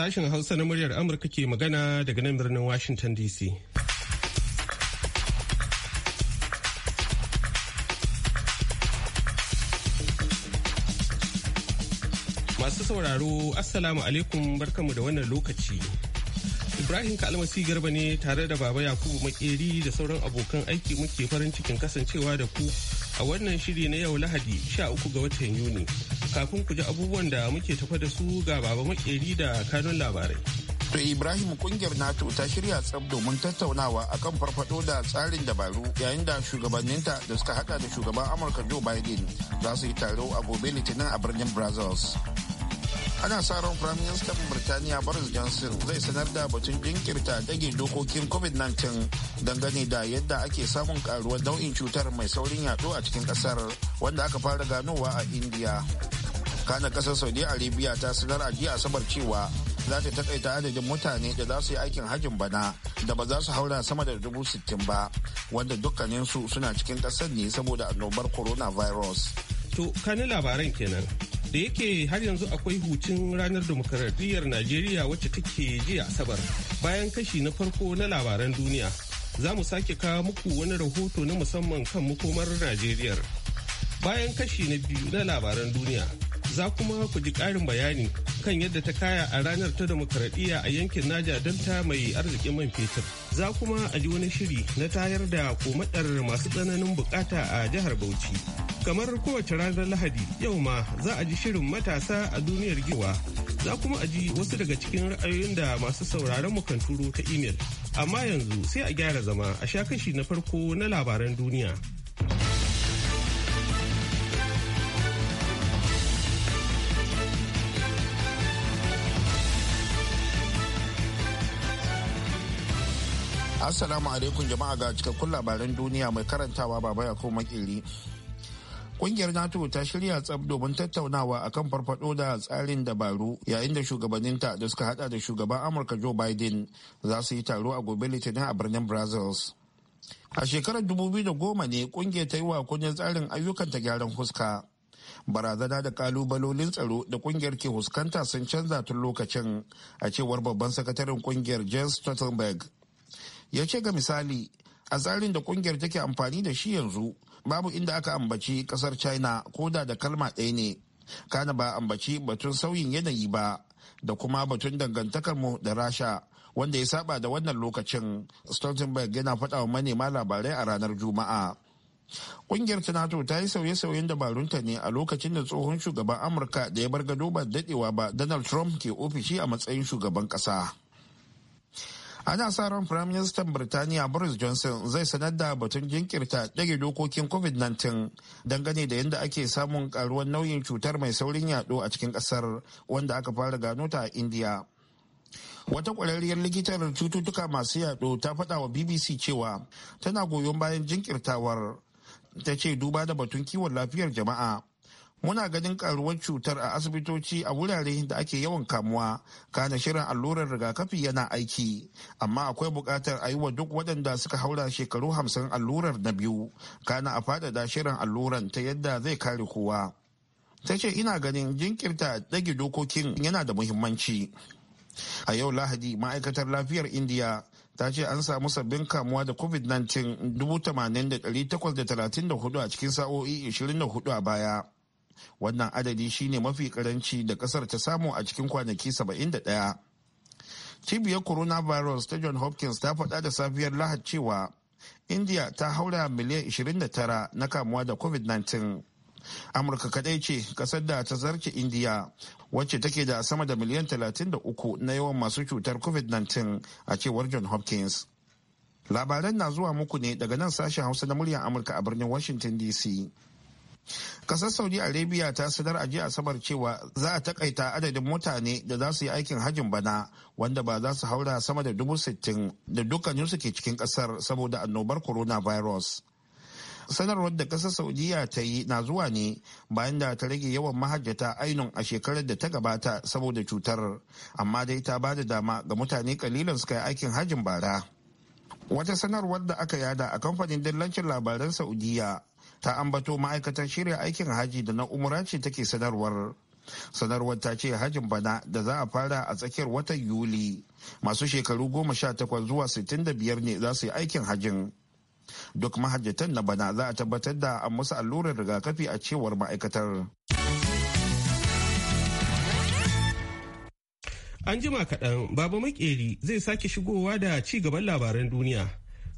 Sashen Hausa na muryar Amurka ke magana daga nan birnin Washington DC. Masu sauraro, Assalamu alaikum barkamu da wannan lokaci. Ibrahim Kalmasi Garba ne tare da Baba Yakubu Makeri da sauran abokan aiki muke farin cikin kasancewa da ku a wannan shiri na yau Lahadi 13 ga watan Yuni. kafin ku ji abubuwan da muke tafa da su ga baba makeri da kanun labarai. To Ibrahim kungiyar NATO ta shirya tsab domin tattaunawa akan farfado da tsarin dabaru yayin da shugabanninta da suka hada da shugaban Amurka Joe Biden za su yi taro a gobe Litinin a birnin Brazils. Ana sa ran Prime Minister Birtaniya Boris Johnson zai sanar da batun jinkirta dage dokokin COVID-19 dangane da yadda ake samun karuwar nau'in cutar mai saurin yaɗo a cikin ƙasar wanda aka fara ganowa a India. tsakanin kasar saudi arabia ta sanar a jiya asabar cewa za ta takaita adadin mutane da za su yi aikin hajjin bana da ba za su haura sama da dubu sittin ba wanda dukkaninsu suna cikin kasar ne saboda annobar coronavirus to kani labaran kenan da yake har yanzu akwai hucin ranar demokaradiyyar najeriya wacce take jiya asabar bayan kashi na farko na labaran duniya za mu sake kawo muku wani rahoto na musamman kan makomar najeriyar bayan kashi na biyu na labaran duniya za kuma ku ji ƙarin bayani kan yadda ta kaya a ranar ta demokaradiyya a yankin Naja ta mai arzikin man fetur. Za kuma a ji wani shiri na tayar da komadar masu tsananin bukata a jihar Bauchi. Kamar kowace ranar Lahadi yau ma za a ji shirin matasa a duniyar giwa. Za kuma a ji wasu daga cikin ra'ayoyin da masu sauraron mu kan turo ta imel. Amma yanzu sai a gyara zama a sha kashi na farko na labaran duniya. Assalamu alaikum jama'a ga cikakkun labaran duniya mai karantawa baba ya kuma makili. Kungiyar NATO ta shirya tsab domin tattaunawa akan farfado da tsarin dabaru yayin da shugabanninta da suka hada da shugaban Amurka Joe Biden za su yi taro a gobe Litinin a birnin Brazils. A shekarar 2010 ne kungiyar ta yi wa kunyar tsarin ayyukan ta gyaran fuska. barazana da kalubalolin tsaro da kungiyar ke huskanta sun canza tun lokacin a cewar babban sakataren kungiyar jens stoltenberg ya ce ga misali a tsarin da kungiyar take amfani da shi yanzu babu inda aka ambaci kasar china ko da da kalma ɗaya ne kana ba ambaci batun sauyin yanayi ba da kuma batun dangantakar mu da rasha wanda ya saba da wannan lokacin stoltenberg yana faɗa wa manema labarai a ranar juma'a kungiyar ta ta yi sauye-sauyen dabarunta ne a lokacin da tsohon shugaban Amurka da ya bar gado ba daɗewa ba Donald Trump ke ofishi a matsayin shugaban ƙasa. ana sa ran firaministan birtaniya boris johnson zai sanar da batun jinkirta ɗage dokokin covid-19 dangane da yadda ake samun ƙaruwar nauyin cutar mai saurin yaɗo a cikin ƙasar wanda aka fara gano ta a india wata ƙwararriyar likitar cututtuka masu yaɗo ta faɗa wa bbc cewa tana goyon bayan jinkirtawar ta ce duba da batun kiwon lafiyar jama'a muna ganin karuwar cutar a asibitoci a wurare da ake yawan kamuwa kana shirin allurar rigakafi yana aiki amma akwai bukatar a yi wa duk waɗanda suka haura shekaru hamsin allurar na biyu kana a faɗaɗa shirin alluran ta yadda zai kare kowa ta ce ina ganin jinkirta ɗage dokokin yana da muhimmanci a yau lahadi ma'aikatar lafiyar indiya ta ce an samu sabbin kamuwa da covid-19 80,834 a cikin sa'o'i 24 a baya wannan adadi shine mafi karanci da kasar ta samu a cikin kwanaki 71 cibiyar coronavirus ta john hopkins ta faɗa da safiyar lahad cewa india ta haura miliyan 29 na kamuwa da covid-19 amurka kadai ce kasar da ta zarce india wacce take da sama da miliyan 33 na yawan masu cutar covid-19 a cewar john hopkins labaran na zuwa muku ne daga nan sashen hausa na muryar amurka a birnin washington dc kasar saudi arabia ta sanar a jiya asabar cewa za a takaita adadin mutane da za su yi aikin hajjin bana wanda ba za su haura sama da dubu sittin da dukkaninsu ke cikin kasar saboda annobar coronavirus sanarwar da kasar saudiya ta yi na zuwa ne bayan da ta rage yawan mahajjata ainun a shekarar da ta gabata saboda cutar amma dai ta ba da dama ga mutane kalilan su kai aikin hajjin bara wata sanarwar da aka yada a kamfanin dillancin labaran saudiya ta ambato ma'aikatar shirya aikin haji da na umra ce take sanarwar sanarwar ta ce hajin bana da za a fara a tsakiyar watan yuli masu shekaru goma sha takwas zuwa sittin da biyar ne za su yi aikin hajin duk mahajjatan na bana za a tabbatar da an musu allurar rigakafi a cewar ma'aikatar an jima kaɗan babu makeri zai sake shigowa da ci gaban labaran duniya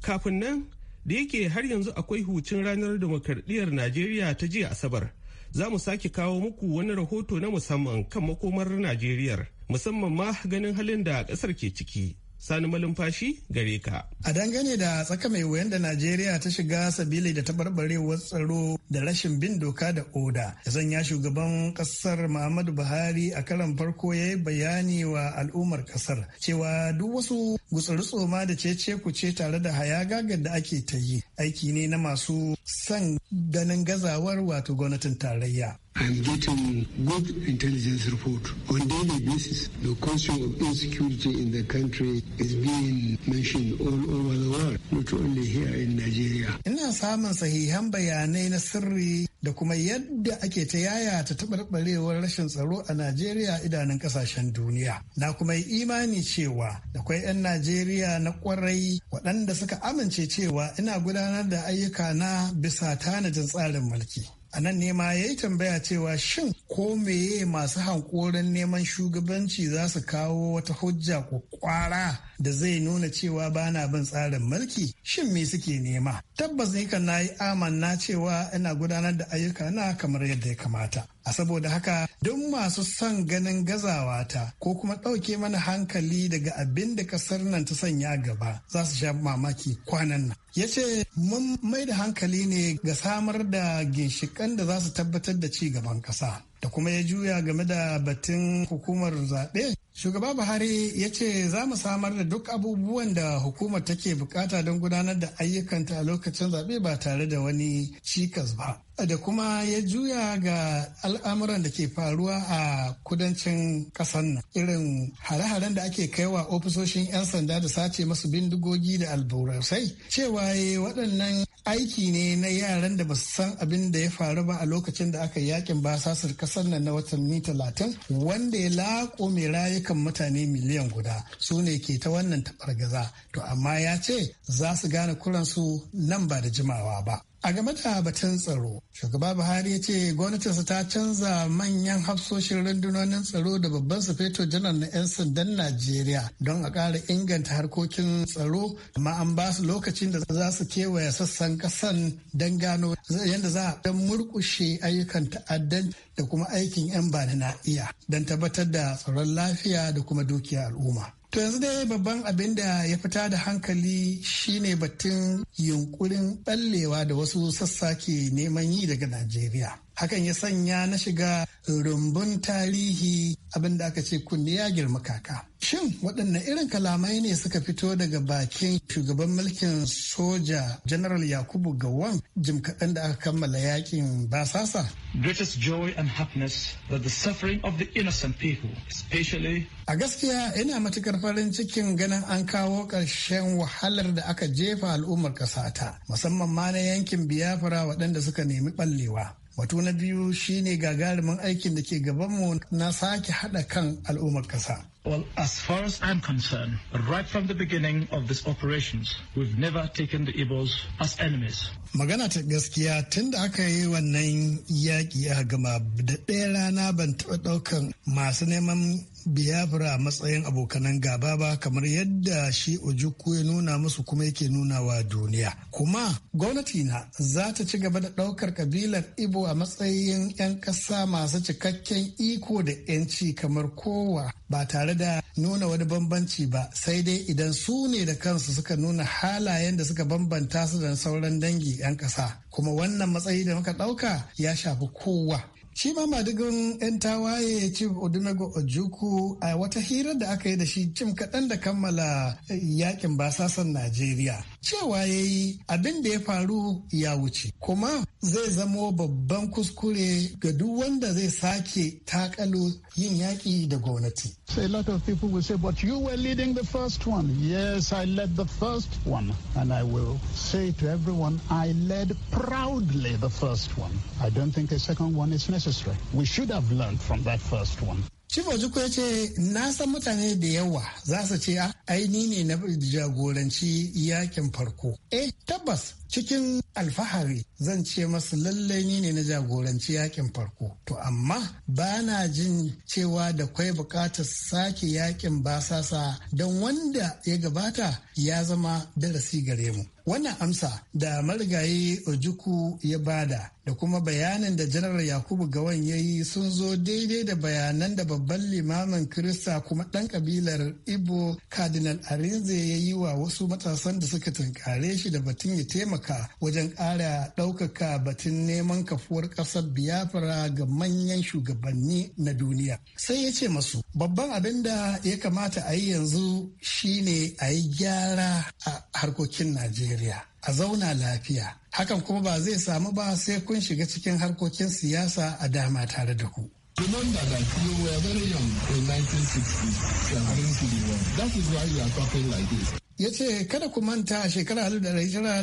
kafin nan da yake har yanzu akwai hucin ranar demokradiyyar najeriya ta jiya asabar za mu sake kawo muku wani rahoto na musamman kan makomar najeriyar musamman ma ganin halin da ƙasar ke ciki Sani malumfashi gare ka. A dangane da tsaka mai wuyan da Najeriya ta shiga sabili da ta tabarbarewar tsaro da rashin bin doka da oda. Ya shugaban kasar Muhammadu Buhari a karan farko ya yi bayani wa al'ummar kasar cewa duk wasu tsoma da cece ce tare da hayagagar da ake ta yi aiki ne na masu son ganin gazawar wato gwamnatin tarayya. I'm getting good intelligence report on daily basis. The question of insecurity in the country is being mentioned all over the world, not only here in Nigeria. Ina samun sahihan bayanai na sirri da kuma yadda ake ta yaya ta taɓarɓarewar rashin tsaro a Najeriya idanun ƙasashen duniya. Na kuma yi imani cewa akwai 'yan Najeriya na ƙwarai waɗanda suka amince cewa ina gudanar da ayyuka na bisa tanajin tsarin mulki. a nan ne ma ya yi tambaya cewa shin ko meye masu hankoron neman shugabanci za su kawo wata hujja ko kwara da zai nuna cewa bana bin tsarin mulki shin me suke nema tabbas ni kan yi amanna cewa ina gudanar da ayyuka na kamar yadda ya kamata a saboda haka duk masu son ganin gazawa ta ko kuma ɗauke mana hankali daga abin da kasar nan ta sanya gaba za su sha mamaki kwanan nan ya ce mun mai da hankali ne ga samar da ginshikan da za su tabbatar da ci gaban ƙasa da kuma ya juya game da batun hukumar zaɓe Shugaba Buhari ya ce za mu samar da duk abubuwan da hukumar take bukata don gudanar da ayyukanta a lokacin zaɓe ba tare da wani cikas ba. Da kuma ya juya ga al'amuran da ke faruwa a kudancin ƙasar nan. Irin hare-haren da ake kaiwa ofisoshin 'yan sanda da sace masu bindigogi da alburasai. Cewa eh, waɗannan aiki ne na yaran da ba su san abin da ya faru ba a lokacin da aka yakin basasar ƙasar nan na watanni talatin wanda ya laƙo mai kan mutane miliyan guda su ne ke ta wannan taɓargaza to amma ya ce za su gane kuransu nan ba da jimawa ba A game da batun tsaro, shugaba Buhari ya ce gwamnatinsa ta canza manyan hafsoshin rundunonin tsaro da babban sufeto janar na 'yan sandan Najeriya don a ƙara inganta harkokin tsaro, amma an ba su lokacin da za su kewaye sassan ƙasan don gano yadda za a don murƙushe ayyukan ta'addan da kuma aikin 'yan bani na iya don tabbatar da tsaron lafiya da kuma dukiyar al'umma. To yanzu dai babban abin da ya fita da hankali shine batun yunkurin ɓallewa da wasu sassa ke neman yi daga Najeriya. Hakan ya sanya na shiga rumbun tarihi abin da aka ce kunne ya girma kaka. Shin waɗanne irin kalamai ne suka fito daga bakin shugaban mulkin soja General Yakubu Gawon, jim kaɗan da aka kammala yakin basasa? Greatest joy and happiness that the suffering of the innocent people, especially A gaskiya ina matukar farin cikin ganin an kawo ƙarshen wahalar da aka jefa al'ummar ƙasata, musamman ma na yankin biyafara waɗanda suka nemi ɓallewa. Batu na biyu shine gagarumin aikin da ke gabanmu na sake haɗa kan al'ummar ƙasa. Well, as far as I'm concerned, right from the beginning of these operations, we've never taken the Igbos as enemies. Magana ta gaskiya tun da aka yi wannan yaƙi a gama da ɗaya rana ban taɓa ɗaukan masu neman Biafra a matsayin abokanan gaba ba kamar yadda shi Ojukwu ya nuna musu kuma yake nuna wa duniya. Kuma gwamnati na za ta ci gaba da ɗaukar kabilar Ibo a matsayin 'yan ƙasa masu cikakken iko da 'yanci kamar kowa ba tare da nuna wani bambanci ba sai dai idan su ne da kansu suka nuna halayen da suka bambanta su da sauran dangi 'yan ƙasa. Kuma wannan matsayi da muka ɗauka ya shafi kowa Shi ma madigan 'yan tawaye ya Chief Odumego Ojuku a wata hirar da aka yi da shi cim kaɗan da kammala yakin basasan Najeriya. cewa ya yi abin da ya faru ya wuce kuma zai zamo babban kuskure ga duk wanda zai sake takalo yin yaƙi da gwamnati. A lot of people will say, but you were leading the first one. Yes, I led the first one. And I will say to everyone, I led proudly the first one. I don't think a second one is necessary. We should have learned from that first one. Chibojuku ya ce na san mutane da yawa za su ce a ah, aini ne na jagoranci yakin farko. Eh tabbas cikin alfahari zan ce masu lallai ni ne na jagoranci yakin farko. To amma ba na jin cewa da kwai bukatar sake yakin basasa don wanda ya gabata ya zama darasi gare mu. Wannan amsa da marigayi Ojuku ya bada da kuma bayanin da Janar Yakubu Gawan ya yi sun zo daidai da bayanan da babban limamin Kirista kuma ɗan kabilar Igbo Cardinal Arinze ya yi wa wasu matasan da suka tunkare shi da batun ya taimaka wajen ƙara ɗaukaka batun neman kafuwar ƙasar biyafara ga manyan shugabanni na duniya. Sai ya ce masu babban abin da ya kamata a yi yanzu shine a yi gyara a harkokin Najeriya. Najeriya a zauna lafiya. Hakan kuma ba zai samu ba sai kun shiga cikin harkokin siyasa a dama tare da ku. Remember that you were very young in 1960 and 1961. That is why you are talking like this. ya ce kada ku manta a shekara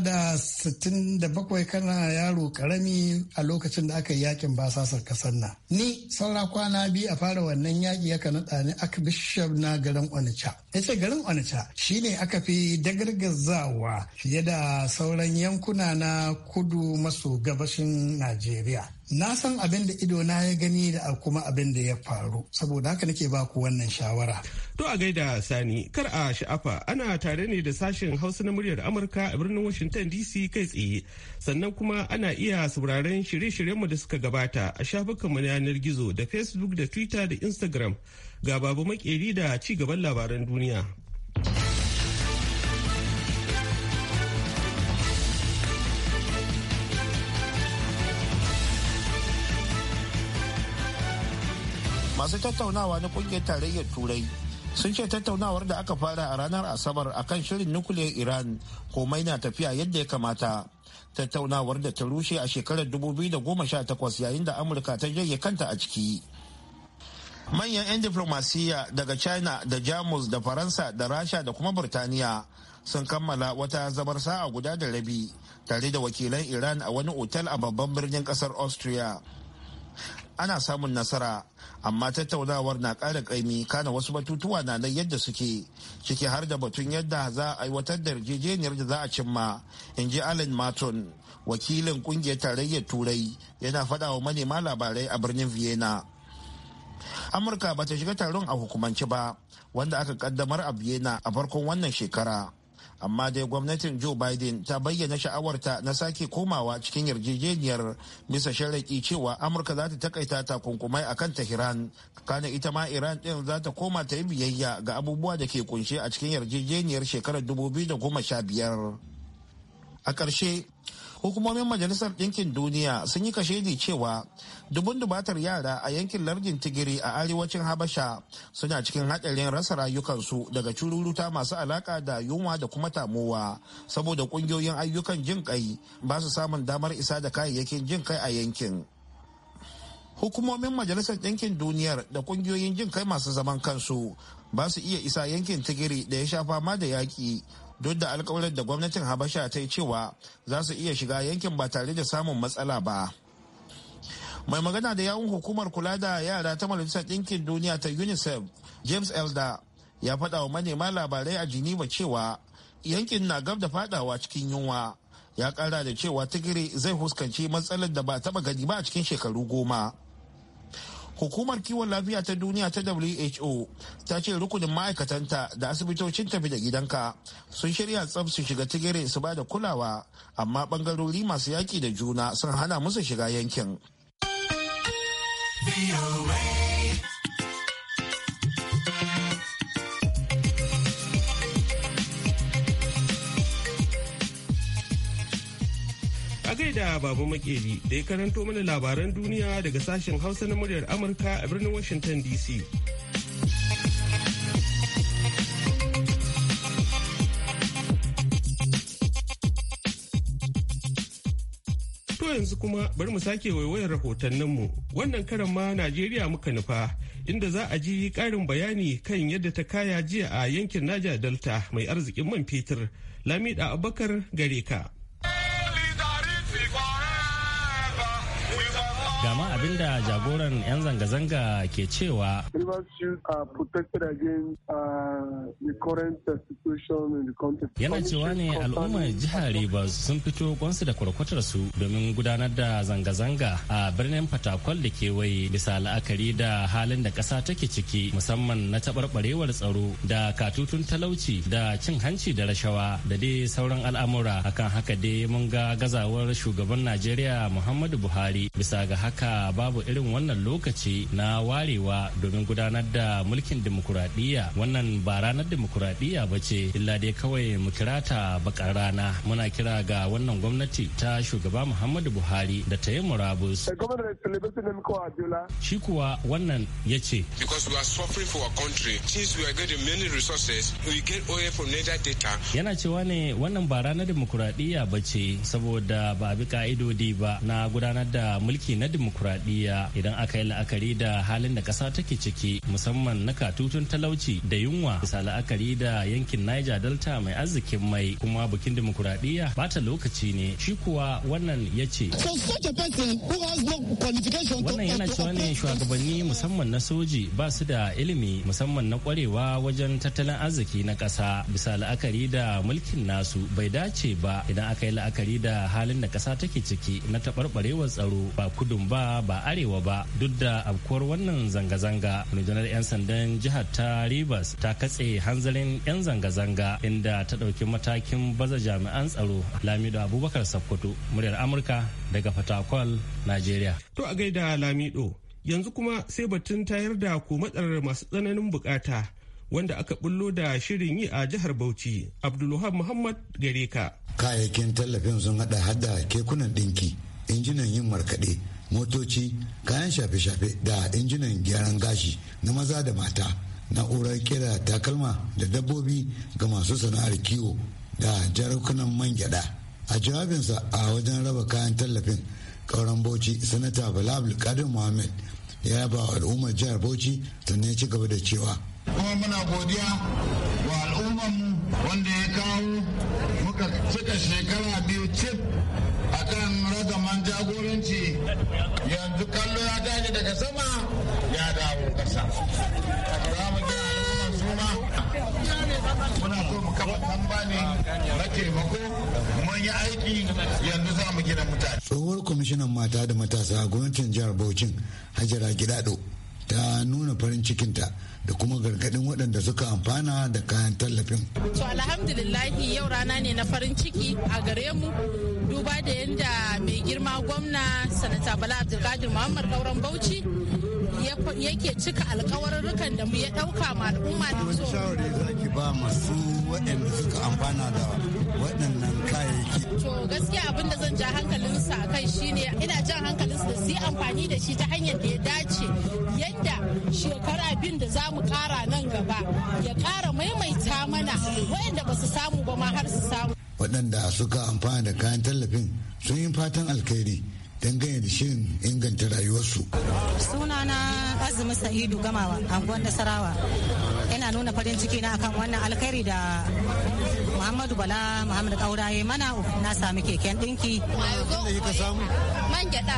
da bakwai kana yaro karami a lokacin da aka yi yakin basasar kasar na ni saura kwana biyu a fara wannan yaki ya naɗa ni aka na garin onitsha ya ce garin onitsha shine aka fi dagargazawa fiye da sauran yankuna na kudu maso gabashin najeriya na san abin da ido na ya gani da kuma abin da ya faru saboda haka nake ba ku wannan shawara to a gaida sani kar a sha'afa ana tare ne da sashen hausa na muryar amurka a birnin washington dc kai tsaye sannan kuma ana iya sauraron shirye-shiryenmu da suka gabata a shafukanmu na yanar gizo da facebook da twitter da instagram ga babu makeri da ci gaban labaran duniya masu tattaunawa na kungiyar tarayyar turai sun ce tattaunawar da aka fara a ranar asabar a kan shirin nukiliyar iran komai na tafiya yadda ya kamata tattaunawar da ta rushe a shekarar 2018 yayin da amurka ta janye kanta a ciki manyan 'yan diflomasiyya daga china da jamus da faransa da rasha da kuma burtaniya sun kammala wata zamar sa'a guda da rabi tare da wakilan iran a wani otal a babban birnin kasar austria ana samun nasara amma tattaunawar na ƙara ƙaimi kana wasu batutuwa na nan yadda suke ciki har da batun yadda za a aiwatar da yarjejeniyar da za a cimma in ji alan maton wakilin ƙungiyar tarayyar turai yana faɗa wa manema labarai a birnin vienna amurka ba ta shiga taron a hukumance ba wanda aka kaddamar a vienna a farkon wannan shekara amma dai gwamnatin joe biden ta bayyana sha'awarta na sake komawa cikin yarjejeniyar bisa sharaki cewa amurka za ta takaita takunkumai a kan tehran kana ita ma iran ɗin za ta koma ta yi biyayya ga abubuwa da ke kunshe a cikin yarjejeniyar shekarar 2015 a ƙarshe hukumomin majalisar ɗinkin duniya sun yi kashedi cewa dubun dubatar yara a yankin lardin tigiri a arewacin habasha suna cikin haɗarin rasa rayukansu daga cururuta masu alaka da yunwa da kuma tamowa saboda ƙungiyoyin ayyukan jin kai ba su samun damar isa da kayayyakin jin kai a yankin hukumomin majalisar ɗinkin duniyar da ƙungiyoyin jin kai masu zaman kansu ba su iya isa yankin tigiri da ya sha fama da yaƙi duk da alkawarin da gwamnatin habasha ta yi cewa za su iya shiga yankin ba tare da samun matsala ba mai magana da yawun hukumar kula da yara ta majalisar ɗinkin duniya ta unicef james elder ya faɗa wa manema labarai a geneva cewa yankin na gab da fadawa cikin yunwa ya kara da cewa tigiri zai fuskanci matsalar da ba taɓa gani ba a cikin shekaru goma hukumar kiwon lafiya ta duniya ta who ta ce rukunin ma'aikatanta da asibitocin tafi da gidanka sun shirya tsab su shiga tigire su ba da kulawa amma bangarori masu yaki da juna sun hana musu shiga yankin. da Baba Makeri da ya karanto mana labaran duniya daga sashen Hausa na muryar Amurka a birnin Washington DC. To yanzu kuma bari mu sake waiwayar rahotanninmu wannan karan ma Najeriya muka nufa inda za a ji ƙarin bayani kan yadda ta kaya jiya a yankin Niger Delta mai arzikin man fetur Lamida Abubakar gare ka. Gama abin da jagoran 'yan zanga-zanga ke cewa. Uh, uh, Yana cewa ne al'ummar jihar Rivers sun fito kwansu da kwarkwatarsu domin gudanar da zanga-zanga a birnin Fatakwal da kewaye bisa la'akari da halin da ƙasa take ciki musamman na taɓarɓarewar tsaro da katutun talauci da cin hanci da rashawa da dai sauran al'amura akan haka dai mun ga gazawar shugaban Najeriya Muhammadu Buhari bisa ga haka babu irin wannan lokaci na warewa domin gudanar da mulkin dimokuraɗiyya wannan ba ranar dimokuraɗiyya ba ce illa dai kawai mu kira ta bakar rana muna kira ga wannan gwamnati ta shugaba muhammadu buhari da ta yi murabus eh, shi kuwa wannan ya ce yana cewa ne wannan ba ranar dimokuraɗiyya ba ce saboda ba a bi ka'idodi ba na gudanar da mulki na dimokuraɗiyya idan aka yi la'akari da halin da ƙasa take ciki musamman na katutun talauci da yunwa bisa la'akari da yankin niger delta mai arzikin mai kuma bikin dimokuraɗiyya ta lokaci ne shi kuwa wannan ya ce wannan yana cewa ne shugabanni musamman na soji ba su da ilimi musamman na kwarewa wajen tattalin arziki na ƙasa bisa la'akari da mulkin nasu bai dace ba idan aka yi la'akari da halin da ƙasa take ciki na taɓarɓarewar tsaro ba kudun ba ba arewa ba duk da afkuwar wannan zanga-zanga rundunar 'yan sandan jihar ta rivers ta katse hanzarin 'yan zanga-zanga inda ta ɗauki matakin baza jami'an tsaro lamido abubakar sakkwato muryar amurka daga fatakwal nigeria to a gaida lamido yanzu kuma sai batun tayar da matsalar masu tsananin bukata wanda aka bullo da shirin yi a jihar Bauchi Abdulwahab Muhammad ka Kayayyakin tallafin sun hada hada kekunan dinki, injinan yin markaɗe, motoci kayan shafe-shafe da injinan gyaran gashi na maza da mata na'urar kera takalma da dabbobi ga masu sana'ar kiwo da jarukunan man gyada a jawabinsa a wajen raba kayan tallafin kauran bauchi sanata bala abdulkadir muhammed ya ba al'ummar jihar bauchi sannan ya ci gaba da cewa kuma muna godiya wa al'ummar mu wanda ya kawo muka cika shekara biyu cip jagoranci yanzu kallo ya tashi daga sama ya dawo kasa muna so mu kafa tambani na taimako mun yi aiki yanzu za mu gina mutane tsohuwar kwamishinan mata da matasa a gwamnatin jihar bauchi hajara gidado ta nuna farin cikinta da kuma gargadin waɗanda suka amfana da kayan tallafin. To alhamdulillahi yau rana ne na farin ciki a gare mu duba da yadda mai girma gwamna sanata bala abdulkadir muhammad kauran bauchi yake cika alkawarurrukan da mu ya dauka ma al'umma da wani shawari za ki ba masu waɗanda suka amfana da waɗannan kayayyaki to gaskiya abin da zan ja hankalin sa kai shine ina jan hankalin su su amfani da shi ta hanyar da ya dace yadda shekara bin da za mu kara nan gaba ya kara maimaita mana waɗanda ba su samu ba ma har su samu waɗanda suka amfana da kayan tallafin sun yi fatan alkhairi dangane da shirin inganta rayuwarsu. Sunana Azumi Sa'idu Gamawa, anguwan Nasarawa. Yana nuna farin ciki na akan wannan alkhairi da Muhammadu Bala Muhammadu Kauraye mana na sami keken ɗinki. Man gyaɗa.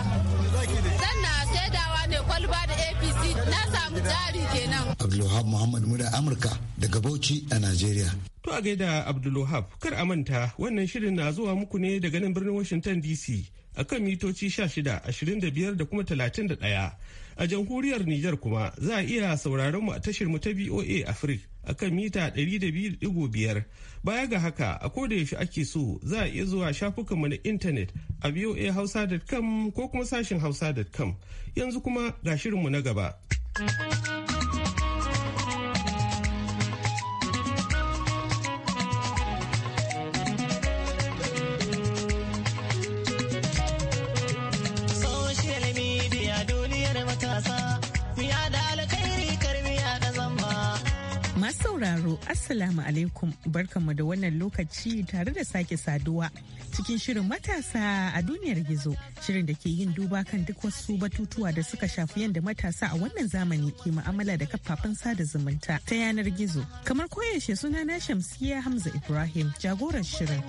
Sannan shaidawa ne kwalba da APC na samu jari kenan. Abdulwahab Muhammad Muda Amurka daga Bauchi a Najeriya. To a gaida Abdulwahab kar a manta wannan shirin na zuwa muku ne daga nan birnin Washington DC. a kan mitoci 16, 25 da kuma 31. A jamhuriyar Nijar kuma za a iya sauraron mu a tashar mu ta BOA Africa akan mita 200.5. Baya ga haka a koda yaushe ake so za a iya zuwa shafukan mu na intanet a hausa.com ko kuma sashin hausa.com. Yanzu kuma ga shirinmu na gaba. Masu sauraro, Assalamu alaikum barkanmu da wannan lokaci tare da sake saduwa cikin shirin matasa a duniyar gizo, shirin da ke yin duba kan duk wasu batutuwa da suka shafi yadda matasa a wannan zamani ke ma'amala da kafafen sada zumunta ta yanar gizo. Kamar koyaushe suna na Shamsiya Hamza Ibrahim jagorar shirin.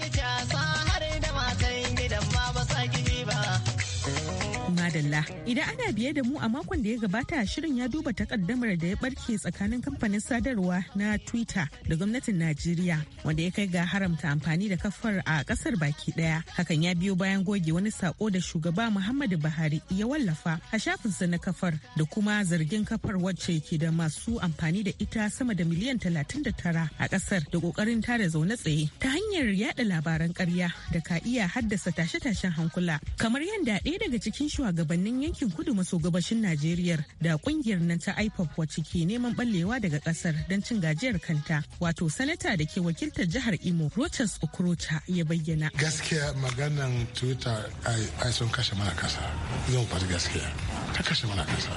madalla idan ana biye da mu a makon da ya gabata shirin ya duba takaddamar da ya barke tsakanin kamfanin sadarwa na twitter da gwamnatin najeriya wanda ya kai ga haramta amfani da kafar a kasar baki daya hakan ya biyo bayan goge wani sako da shugaba muhammadu buhari ya wallafa a shafinsa na kafar da kuma zargin kafar wacce ke da masu amfani da ita sama da miliyan tara a kasar da kokarin tare zaune tsaye ta hanyar yada labaran karya da ka iya haddasa tashe-tashen hankula kamar yadda ɗaya daga cikin shugaban shugabannin yankin kudu maso gabashin Najeriya da kungiyar nan ta IPOP wacce ke neman ballewa daga kasar don cin gajiyar kanta wato sanata da ke wakiltar jihar Imo Rochas okrocha ya bayyana. Gaskiya maganan Twitter ai sun kashe mana kasa. Zan faɗi gaskiya. ta kashe mana kasa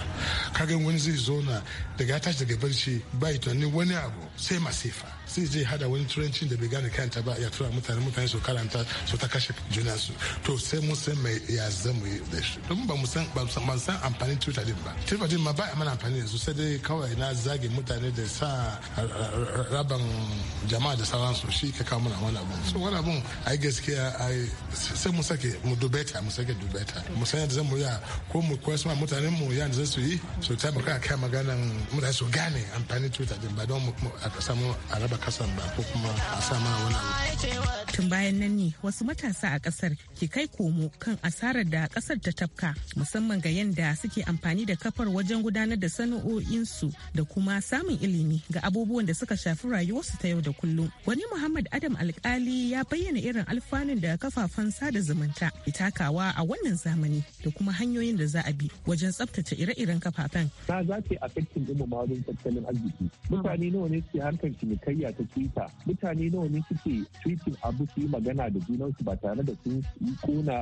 kagan wani zai zo na daga ya tashi daga barci ba yi tunanin wani abu sai masifa sai zai hada wani turanci da bai gane kanta ba ya tura mutane mutane su karanta su ta kashe juna su to sai mu san mai ya zama yi da shi don ba mu san ba san amfanin twitter din ba twitter din ma ba mana amfani yanzu sai dai kawai na zage mutane da sa raban jama'a da sauransu shi ka kawo mana wani abu so wani abun ai gaskiya ai sai mu sake mu dubeta mu sake dubeta mu san yadda zamu yi ko mu koyar mutanen mu yan za su yi su taimaka a kai maganan mutane su gane amfanin twitter din ba don a samu a raba kasan ba ko kuma a sa wani tun bayan nan ne wasu matasa a kasar ke kai komo kan asarar da kasar ta tafka musamman ga yadda suke amfani da kafar wajen gudanar da sana'o'insu da kuma samun ilimi ga abubuwan da suka shafi rayuwarsu ta yau da kullum wani muhammad adam alkali ya bayyana irin alfanun da kafafen sada zumunta itakawa a wannan zamani da kuma hanyoyin da za a bi wajen tsabtace ire-iren kafafen. Na za ta yi affecting ɗin ma wajen tattalin arziki. Mutane nawa ne suke harkar cinikayya ta Twitter? Mutane nawa ne suke tweetin abu su yi magana da junansu ba tare da sun kona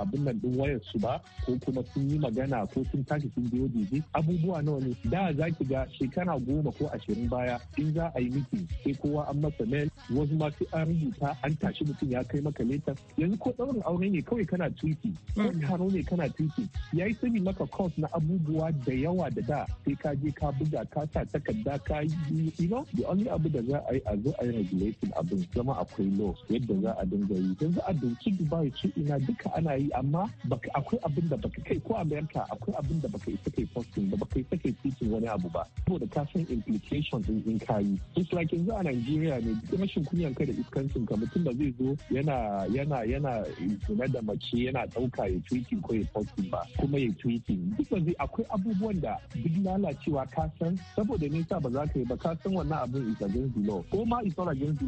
abin nan ɗin wayar su ba ko kuma sun yi magana ko sun tashi sun biyo jiji abubuwa nawa ne da za ki ga shekara goma ko ashirin baya in za a yi miki sai kowa an masa mail wasu ma sai an rubuta an tashi mutum ya kai maka leta yanzu ko ɗaurin aure ne kawai kana tweeting ko hmm. taro ne kana tweeting yi sani maka cost na abubuwa da yawa da da sai ka je ka buga ka sa takarda ka yi you know the only abu da za a yi a zo a yi regulating abin zama akwai law yadda za a dinga yi yanzu a doki dubai ce ina duka ana yi amma akwai abin da baka kai ko america akwai abin da baka isa kai posting da baka isa kai titin wani abu ba saboda ka san implications din in ka yi just like yanzu a nigeria ne rashin kunyan kai da iskancin ka mutum ba zai zo yana yana yana da mace yana dauka ya tweeting ko ya posting ba kuma ya su duk ba akwai abubuwan da duk lalacewa ka san saboda nisa ba za ka yi ba ka san wannan abin isa against ko ma isa not against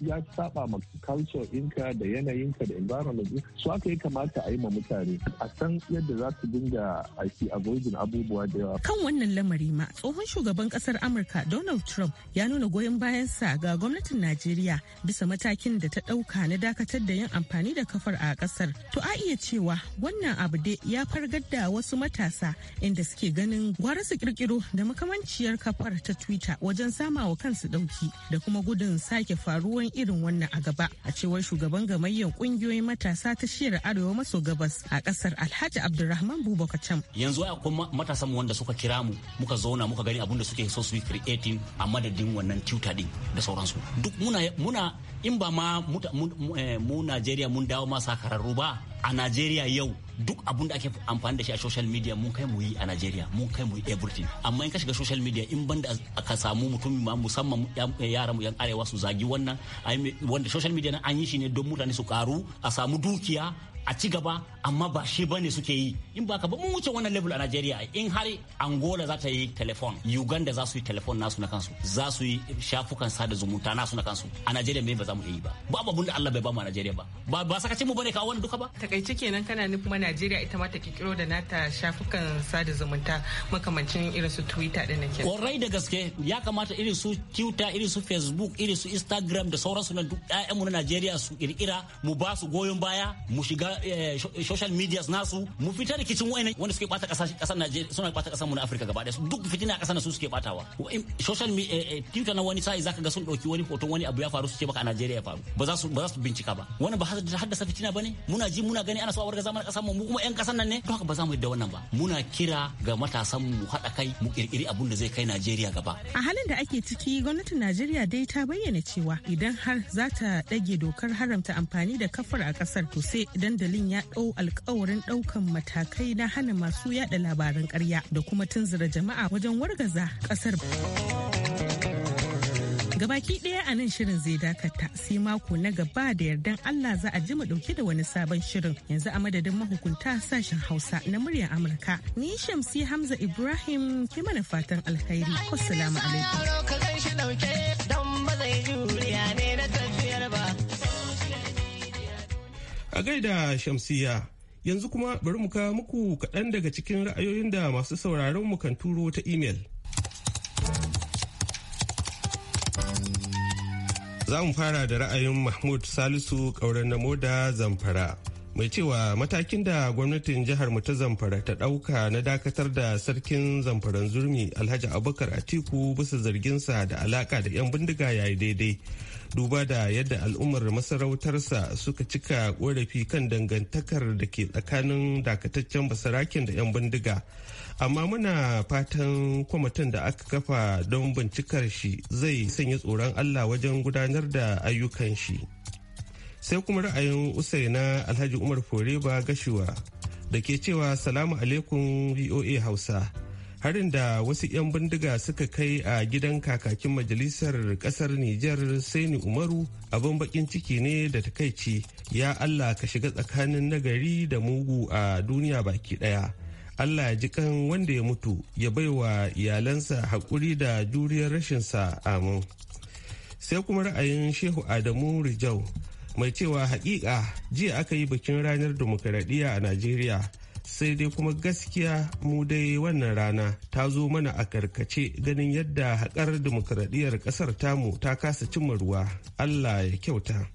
ya saba ma culture inka da yanayinka da environment din su aka yi kamata a yi ma mutane a san yadda za su dinga a ci avoiding abubuwa da yawa. Kan wannan lamari ma tsohon shugaban kasar Amurka Donald Trump ya nuna goyon bayansa ga gwamnatin Najeriya bisa matakin da ta ɗauka na dakatar da yin amfani da kafar a kasar. To a iya cewa wannan abu dai ya fargar da wasu matasa inda suke ganin gwara su kirkiro da makamanciyar kafar ta twitter wajen sama wa kansu dauki da kuma gudun sake faruwan irin wannan a gaba a cewar shugaban gamayyar kungiyoyin matasa ta shiyar arewa maso gabas a kasar alhaji abdulrahman bubakar yanzu yanzu kuma matasan mu wanda suka kira mu muka zauna muka gani abin da suke so su yi creating a madadin wannan twitter din da sauransu duk muna muna in ba ma eh, mu Najeriya mun dawo ma sakararru ba a Najeriya yau duk abun da ake amfani da shi a social media mun kai mu yi a Najeriya mun kai mu yi everything amma in ka shiga social media in banda aka samu mutum ma musamman eh, yaran mu yan arewa su zagi wannan wanda social media na an yi shi ne don mutane su karu a samu dukiya a ci gaba amma ba shi bane suke yi in ba ka ba mun wuce wannan level a Najeriya in har Angola za ta yi telefon Uganda za su yi telefon nasu na kansu za su yi shafukan sada zumunta nasu na kansu a Najeriya me ba za mu yi ba babu abun da Allah bai ba mu a Najeriya ba ba ba sakacin mu bane ka wani duka ba takaice kenan kana ni kuma Najeriya ita ma ta kikiro da nata shafukan sada zumunta makamancin irin su Twitter din nake kwarai da gaske ya kamata irin su Twitter irin su Facebook irin su Instagram da sauransu na duk mu na Najeriya su kirkira mu ba su goyon baya mu shiga Eh, social medias nasu mu fita rikicin wani wanda suke bata kasar kasar Najeriya suna bata kasar mu na Afirka gaba daya duk fitina kasar su suke batawa social eh, eh, Twitter na wani sai zaka ga sun dauki wani hoton wani abu ya faru su ce baka a Najeriya ya faru ba za su ba za su bincika ba wani ba haddasa fitina bane muna ji muna gani ana so a warga zaman kasar mu mu kuma yan kasar nan ne haka ba za mu yadda wannan ba muna kira ga matasan mu hada kai mu kirkiri abun da zai kai Najeriya gaba a halin da ake ciki gwamnatin Najeriya dai ta bayyana cewa idan har za ta dage dokar haramta amfani da kafar a kasar to sai dan dandalin ya ɗau alkawarin ɗaukan matakai na hana masu yada labaran karya da kuma tunzura jama'a wajen wargaza ƙasar. Gabaki ɗaya a nan shirin zai dakata sai mako na gaba da yardan Allah za a ji mu ɗauki da wani sabon shirin yanzu a madadin mahukunta sashen Hausa na muryar Amurka. Ni Shamsi Hamza Ibrahim ke mana fatan alkhairi. Assalamu alaikum. A gaida Shamsiya, yanzu kuma bari mu kawo muku kaɗan daga cikin ra'ayoyin da masu sauraron mu kan turo ta imel. Za mu fara da ra'ayin Mahmud Salisu ƙauren na moda zamfara. mai cewa matakin da gwamnatin jihar mu ta zamfara ta ɗauka na dakatar da sarkin zamfaran zurmi alhaji abubakar atiku bisa zarginsa da alaka da 'yan bindiga yayi daidai duba da yadda al'ummar masarautarsa suka cika korafi kan dangantakar da ke tsakanin dakataccen basarakin da 'yan bindiga amma muna fatan kwamitin da aka kafa don bincikar shi zai sanya tsoron allah wajen gudanar da ayyukan shi. sai kuma ra'ayin na alhaji umar foreba gashiwa da ke cewa salamu alaikum voa hausa harin da wasu 'yan bindiga suka kai a gidan kakakin majalisar kasar Nijar ni Umaru abin bakin ciki ne da takaici ya Allah ka shiga tsakanin nagari da mugu a duniya baki daya. Allah ya ji kan wanda ya mutu ya baiwa iyalansa haƙuri da juriyar rashinsa amin. Sai kuma ra'ayin Shehu Adamu Rijau mai cewa hakika jiya aka yi bikin ranar demokaradiyya a najeriya sai dai kuma gaskiya mu dai wannan rana ta zo mana a karkace ganin yadda haƙar demokaradiyyar ƙasar tamu ta kasa cimma ruwa allah ya kyauta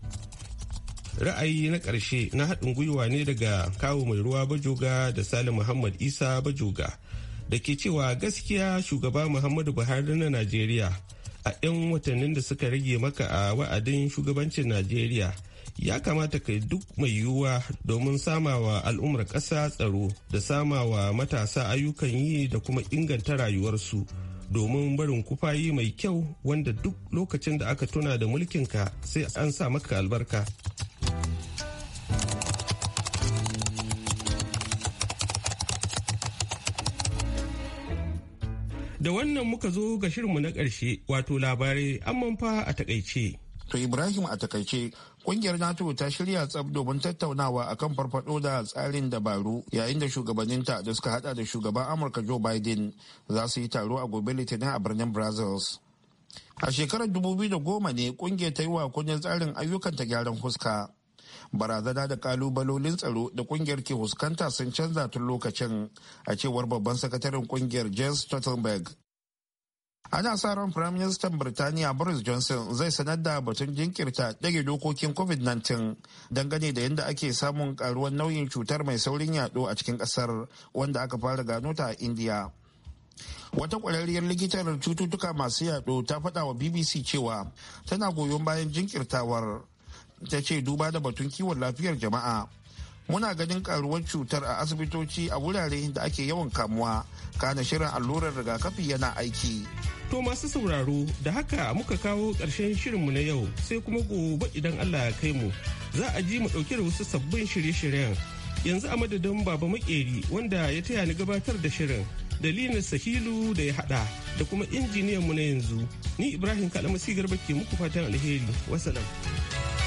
ra'ayi na ƙarshe na haɗin gwiwa ne daga kawo mai ruwa bajoga da salim muhammad isa bajoga da ke cewa gaskiya shugaba muhammadu buhari na najeriya a 'yan watannin da suka rage maka a wa'adin shugabancin najeriya ya kamata ka duk mai yiwuwa domin samawa al'ummar ƙasa tsaro da samawa matasa ayyukan yi da kuma inganta rayuwarsu domin barin kufayi mai kyau wanda duk lokacin da aka tuna da mulkinka sai an sa maka albarka. Da wannan muka zo ga shirinmu na ƙarshe wato labarai amman fa a takaice. To Ibrahim a takaice Kungiyar NATO ta shirya tsab domin tattaunawa akan farfado da tsarin dabaru yayin da shugabanninta da suka hada da shugaban Amurka Joe Biden za su yi taro a gobe Litinin a birnin Brazils. A shekarar 2010 ne kungiyar ta yi wa kundin tsarin ayyukanta gyaran fuska. Barazana da kalubalolin tsaro da kungiyar ke huskanta sun canza tun lokacin a cewar babban sakataren kungiyar james Stoltenberg ana sa ran firaministan birtaniya boris johnson zai sanar da batun jinkirta ɗage dokokin covid-19 dangane da yadda ake samun ƙaruwar nauyin cutar mai saurin yaɗo a cikin ƙasar wanda aka fara gano ta a india wata ƙwararriyar likitar cututtuka masu yaɗo ta faɗa wa bbc cewa tana goyon bayan jinkirtawar ta ce duba da batun kiwon lafiyar jama'a muna ganin karuwar cutar a asibitoci a wurare da ake yawan kamuwa kana shirin allurar rigakafi yana aiki to masu sauraro da haka muka kawo ƙarshen shirinmu na yau sai kuma gobe idan allah ya kai mu za a ji mu ɗauke da wasu sabbin shirye-shiryen yanzu a madadin baba makeri wanda ya taya ni gabatar da shirin dalilin sahilu da ya hada da kuma injiniyan mu na yanzu ni ibrahim kalamasi garba ke muku fatan alheri wasalam